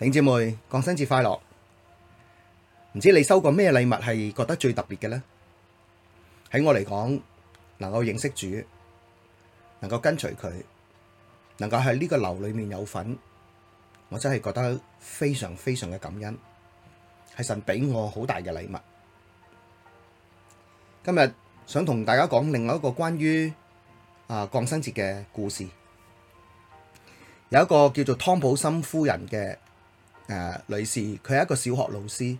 頂姐妹，降生節快樂！唔知你收過咩禮物係覺得最特別嘅呢？喺我嚟講，能夠認識主，能夠跟隨佢，能夠喺呢個樓裏面有份，我真係覺得非常非常嘅感恩，係神俾我好大嘅禮物。今日想同大家講另外一個關於啊降生節嘅故事，有一個叫做湯普森夫人嘅。誒、呃，女士，佢係一個小學老師。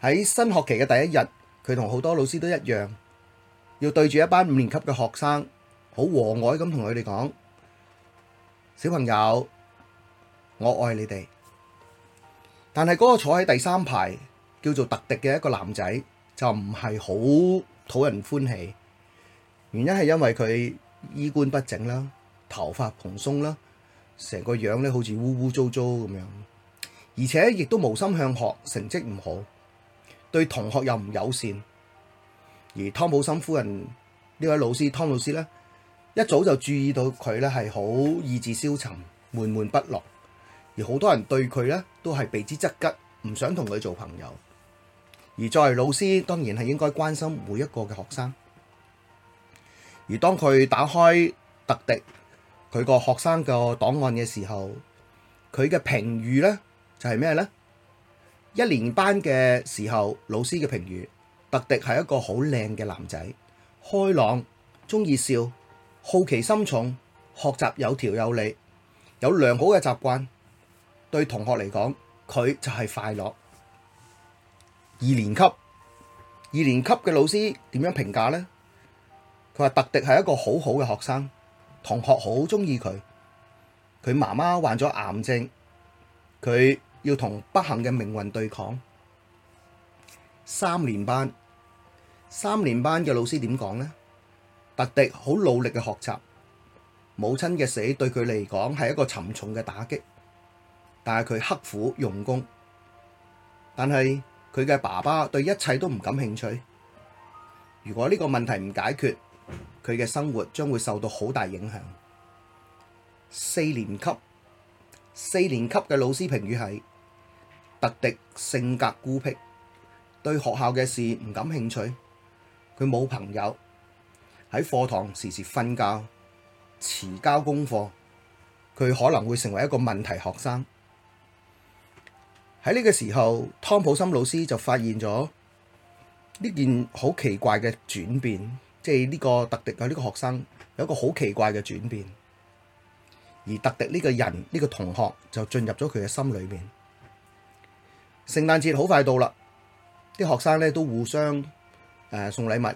喺新學期嘅第一日，佢同好多老師都一樣，要對住一班五年級嘅學生，好和藹咁同佢哋講，小朋友，我愛你哋。但係嗰個坐喺第三排叫做特迪嘅一個男仔就唔係好討人歡喜，原因係因為佢衣冠不整啦，頭髮蓬鬆啦，成個樣咧好似污污糟糟咁樣。而且亦都無心向學，成績唔好，對同學又唔友善，而湯普森夫人呢位老師湯老師呢，一早就注意到佢呢係好意志消沉、悶悶不樂，而好多人對佢呢都係避之則吉，唔想同佢做朋友。而作為老師，當然係應該關心每一個嘅學生。而當佢打開特迪佢個學生個檔案嘅時候，佢嘅評語呢。係咩呢？一年班嘅時候，老師嘅評語，特迪係一個好靚嘅男仔，開朗，中意笑，好奇心重，學習有條有理，有良好嘅習慣。對同學嚟講，佢就係快樂。二年級，二年級嘅老師點樣評價呢？佢話特迪係一個好好嘅學生，同學好中意佢。佢媽媽患咗癌症，佢。要同不幸嘅命運對抗。三年班，三年班嘅老師點講呢？特迪好努力嘅學習。母親嘅死對佢嚟講係一個沉重嘅打擊，但係佢刻苦用功。但係佢嘅爸爸對一切都唔感興趣。如果呢個問題唔解決，佢嘅生活將會受到好大影響。四年級，四年級嘅老師評語係。特迪性格孤僻，對學校嘅事唔感興趣，佢冇朋友，喺課堂時時瞓覺，遲交功課，佢可能會成為一個問題學生。喺呢個時候，湯普森老師就發現咗呢件好奇怪嘅轉變，即係呢個特迪嘅呢個學生有一個好奇怪嘅轉變，而特迪呢個人，呢個同學就進入咗佢嘅心裏面。聖誕節好快到啦，啲學生咧都互相誒送禮物，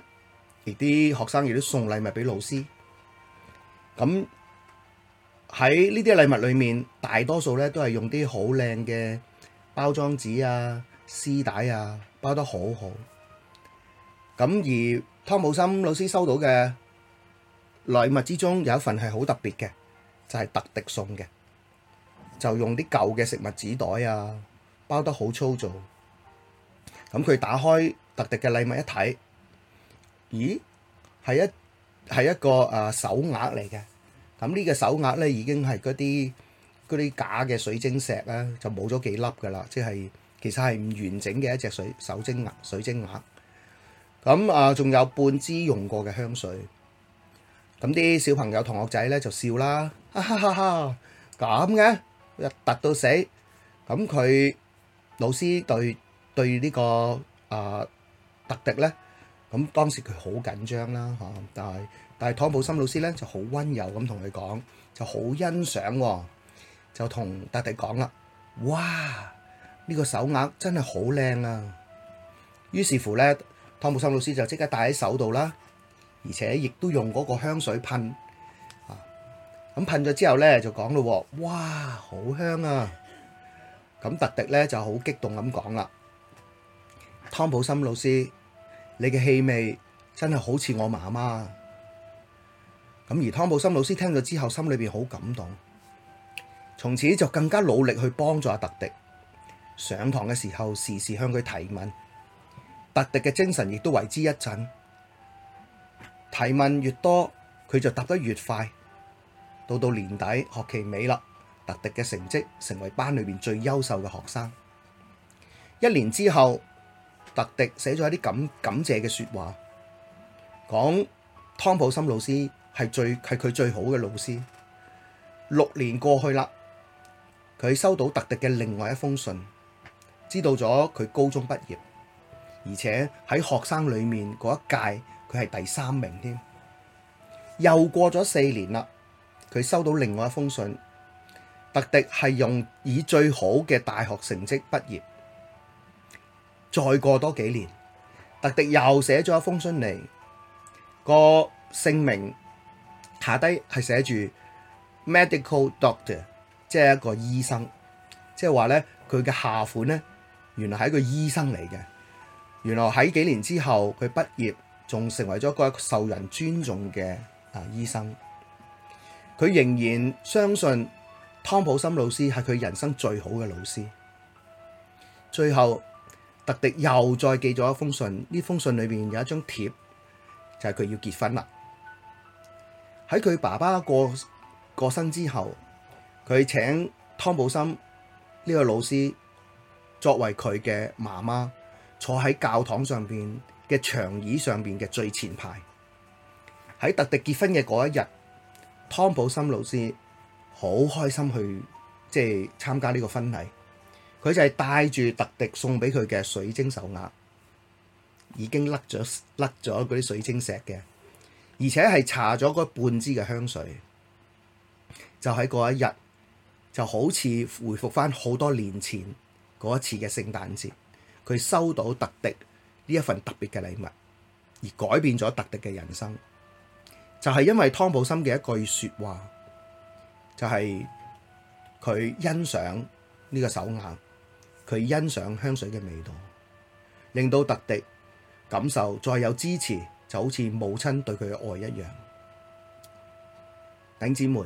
而啲學生亦都送禮物俾老師。咁喺呢啲禮物裏面，大多數咧都係用啲好靚嘅包裝紙啊、絲帶啊，包得好好。咁而湯姆森老師收到嘅禮物之中，有一份係好特別嘅，就係特地送嘅，就用啲舊嘅食物紙袋啊。包得好粗糙，咁佢打開特特嘅禮物一睇，咦，係一係一個誒手鐲嚟嘅，咁呢個手鐲咧已經係嗰啲嗰啲假嘅水晶石咧就冇咗幾粒噶啦，即係其實係唔完整嘅一隻水手晶啊水晶鐲。咁啊，仲有半支用過嘅香水，咁啲小朋友同學仔咧就笑啦，哈哈哈！咁嘅一突到死，咁佢。老師對對呢個啊呃特迪呢，咁當時佢好緊張啦嚇，但係但係湯普森老師呢，就好溫柔咁同佢講，就好欣賞喎啊，就同特迪講啦，哇呢個手鐲真係好靚啊！於是乎呢，湯普森老師就即刻戴喺手度啦，而且亦都用嗰個香水噴啊，咁噴咗之後呢，就講咯喎，哇好香啊！咁特迪呢就好激動咁講啦，湯普森老師，你嘅氣味真係好似我媽媽。咁而湯普森老師聽咗之後，心裏面好感動，從此就更加努力去幫助阿特迪。上堂嘅時候，時時向佢提問，特迪嘅精神亦都為之一振。提問越多，佢就答得越快。到到年底，學期尾啦。特迪嘅成績成為班裏面最優秀嘅學生。一年之後，特迪寫咗一啲感感謝嘅說話，講湯普森老師係最係佢最好嘅老師。六年過去啦，佢收到特迪嘅另外一封信，知道咗佢高中畢業，而且喺學生裏面嗰一屆，佢係第三名添。又過咗四年啦，佢收到另外一封信。特迪係用以最好嘅大學成績畢業，再過多幾年，特迪又寫咗一封信嚟，個姓名下低係寫住 Medical Doctor，即係一個醫生，即係話呢佢嘅下款呢，原來係一個醫生嚟嘅。原來喺幾年之後，佢畢業，仲成為咗一個受人尊重嘅啊醫生，佢仍然相信。湯普森老師係佢人生最好嘅老師。最後特迪又再寄咗一封信，呢封信裏面有一張帖，就係、是、佢要結婚啦。喺佢爸爸過過身之後，佢請湯普森呢個老師作為佢嘅媽媽坐喺教堂上邊嘅長椅上邊嘅最前排。喺特迪結婚嘅嗰一日，湯普森老師好開心去即係參加呢個婚禮，佢就係帶住特迪送俾佢嘅水晶手鐲，已經甩咗甩咗嗰啲水晶石嘅，而且係搽咗嗰半支嘅香水，就喺嗰一日，就好似回復翻好多年前嗰一次嘅聖誕節，佢收到特迪呢一份特別嘅禮物，而改變咗特迪嘅人生，就係因為湯普森嘅一句説話。就係佢欣賞呢個手鐲，佢欣賞香水嘅味道，令到特迪感受再有支持，就好似母親對佢嘅愛一樣。頂姊妹，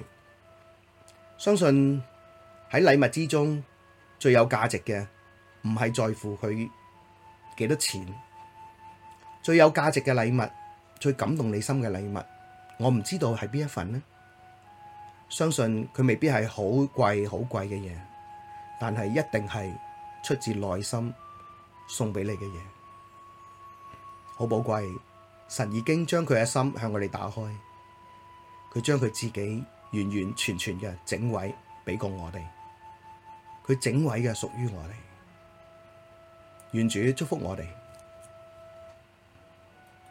相信喺禮物之中最有價值嘅，唔係在乎佢幾多錢，最有價值嘅禮物，最感動你心嘅禮物，我唔知道係邊一份呢？相信佢未必係好貴好貴嘅嘢，但係一定係出自內心送俾你嘅嘢，好寶貴。神已經將佢嘅心向我哋打開，佢將佢自己完完全全嘅整位畀過我哋，佢整位嘅屬於我哋。願主祝福我哋。